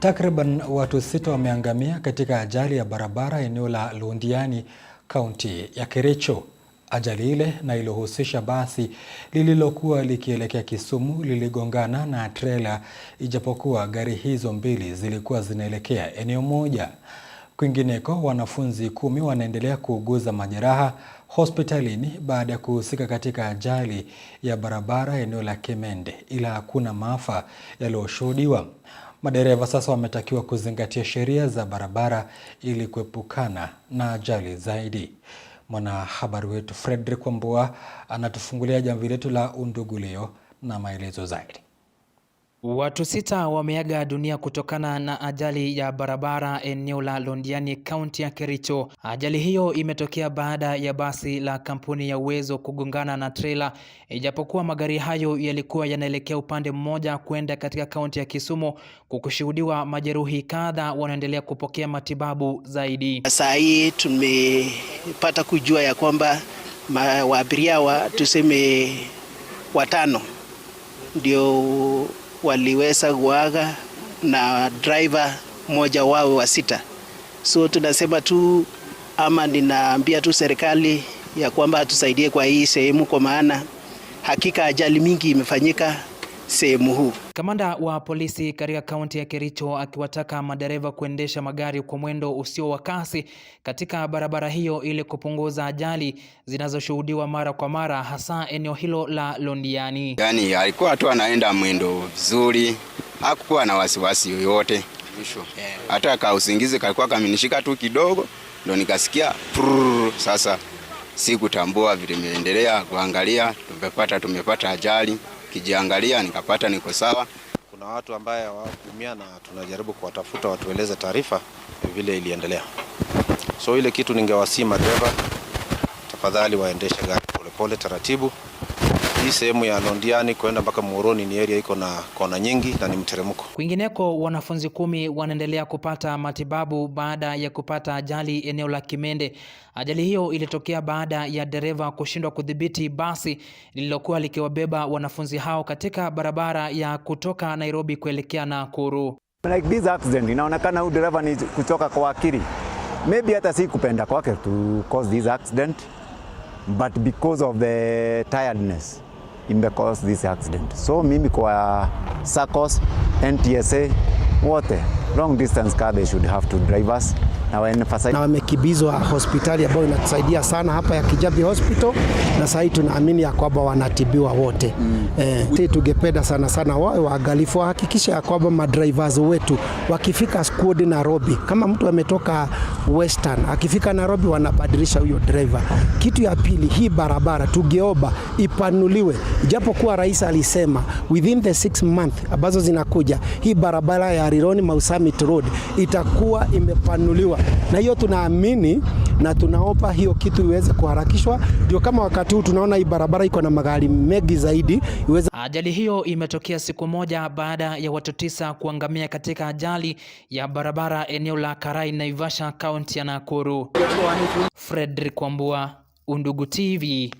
Takriban watu sita wameangamia katika ajali ya barabara eneo la lundiani kaunti ya Kericho. Ajali ile na ilohusisha basi lililokuwa likielekea Kisumu liligongana na trela, ijapokuwa gari hizo mbili zilikuwa zinaelekea eneo moja. Kwingineko, wanafunzi kumi wanaendelea kuuguza majeraha hospitalini baada ya kuhusika katika ajali ya barabara eneo la kemende ila hakuna maafa yaliyoshuhudiwa. Madereva sasa wametakiwa kuzingatia sheria za barabara ili kuepukana na ajali zaidi. Mwanahabari wetu Fredrick Wambua anatufungulia jamvi letu la Undugu Leo na maelezo zaidi. Watu sita wameaga dunia kutokana na ajali ya barabara eneo la Londiani kaunti ya Kericho. Ajali hiyo imetokea baada ya basi la kampuni ya Uwezo kugongana na trela. Ijapokuwa magari hayo yalikuwa yanaelekea upande mmoja kwenda katika kaunti ya Kisumu, kukushuhudiwa majeruhi kadha wanaendelea kupokea matibabu zaidi. Saa hii tumepata kujua ya kwamba waabiria wa tuseme watano ndio waliweza kuaga na driver mmoja wao wa sita. So tunasema tu ama ninaambia tu serikali ya kwamba atusaidie kwa hii sehemu, kwa maana hakika ajali mingi imefanyika sehemu huu. Kamanda wa polisi katika kaunti ya Kericho akiwataka madereva kuendesha magari kwa mwendo usio wa kasi katika barabara hiyo ili kupunguza ajali zinazoshuhudiwa mara kwa mara hasa eneo hilo la Londiani. Yaani alikuwa tu anaenda mwendo vizuri, hakukuwa na wasiwasi yoyote. Hata yeah. usingizi kalikuwa kaminishika tu kidogo ndo nikasikia prrr, sasa sikutambua vile imeendelea kuangalia tumepata tumepata ajali kijiangalia nikapata niko sawa. Kuna watu ambaye hawakuumia na tunajaribu kuwatafuta watueleze taarifa vile iliendelea. So ile kitu ningewasii madereva, tafadhali waendeshe gari polepole, taratibu. Hii sehemu ya Londiani kwenda mpaka Muhoroni ni area iko na kona nyingi na ni mteremko. Kwingineko, wanafunzi kumi wanaendelea kupata matibabu baada ya kupata ajali eneo la Kimende. Ajali hiyo ilitokea baada ya dereva kushindwa kudhibiti basi lililokuwa likiwabeba wanafunzi hao katika barabara ya kutoka Nairobi kuelekea Nakuru. Like this accident inaonekana huyu dereva ni kutoka kwa akili. Maybe hata si kupenda kwake to cause this accident but because of the tiredness imecause this accident. So mimi kwa SACCOS, NTSA wote long distance car they should have to drive us na na wamekibizwa hospitali ambayo inatusaidia sana hapa ya Kijabi Hospital, na sasa hii tunaamini ya kwamba wanatibiwa wote mm. Eh, sisi tungependa sana sana wawe waangalifu, wahakikishe ya kwamba madrivers wetu wakifika squad Nairobi, kama mtu ametoka Western akifika Nairobi wanabadilisha huyo driver. Kitu ya pili, hii barabara tugeoba ipanuliwe, ijapokuwa rais alisema within the six month ambazo zinakuja, hii barabara ya Rironi Mausamit Road itakuwa imepanuliwa na hiyo tunaamini na tunaomba hiyo kitu iweze kuharakishwa, ndio kama wakati huu tunaona hii barabara iko na magari mengi zaidi iweze. Ajali hiyo imetokea siku moja baada ya watu tisa kuangamia katika ajali ya barabara eneo la Karai, Naivasha, kaunti ya Nakuru. Fredrick Wambua, Undugu TV.